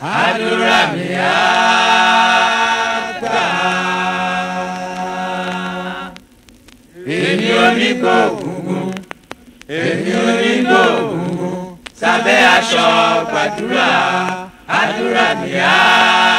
àdúrà mi á gbà. èmi onígbò ògùngùn èmi onígbò ògùngùn sábẹ́ aṣọ gbàdúrà àdúrà mi á gbà.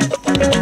Thank you.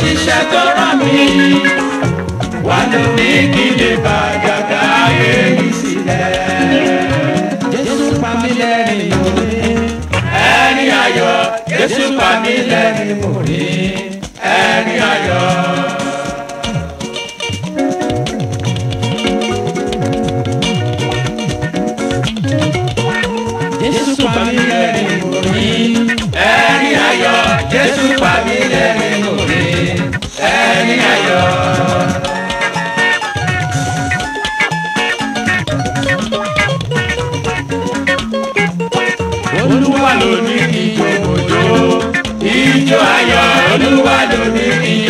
ṣiṣẹ́ tó rán mi wà lórí kí lè bàjàgà ayé mi sílẹ̀. Jésù pa mí lẹ́rìn lórí ẹ̀rín ayọ̀ Jésù pa mí lẹ́rìn lórí ẹ̀rín ayọ̀. Olúwa lónìí.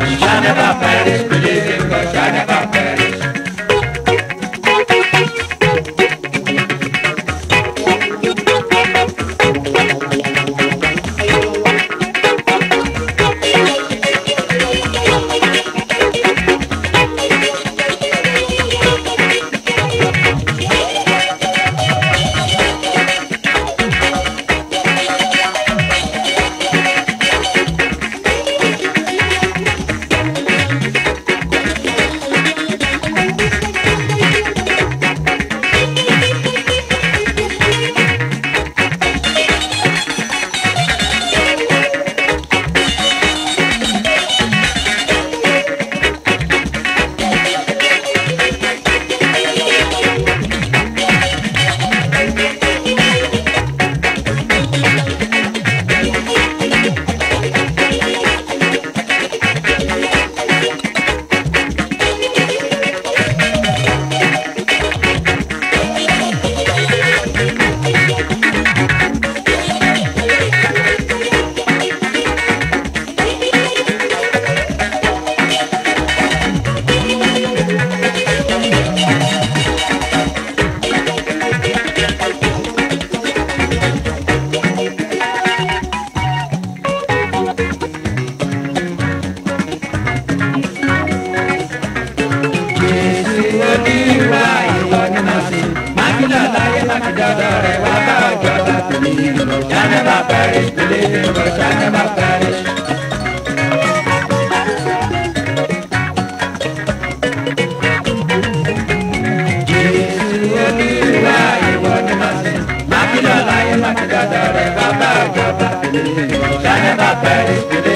I never had experience. parish, the lady from Oshakama parish. Jésù Olúwa ìwọ ni màá sìn, mákìlọ̀ láyé mákìlọ̀ dọ̀rẹ́ bàbá àjọba, the lady from Oshakama parish, the lady.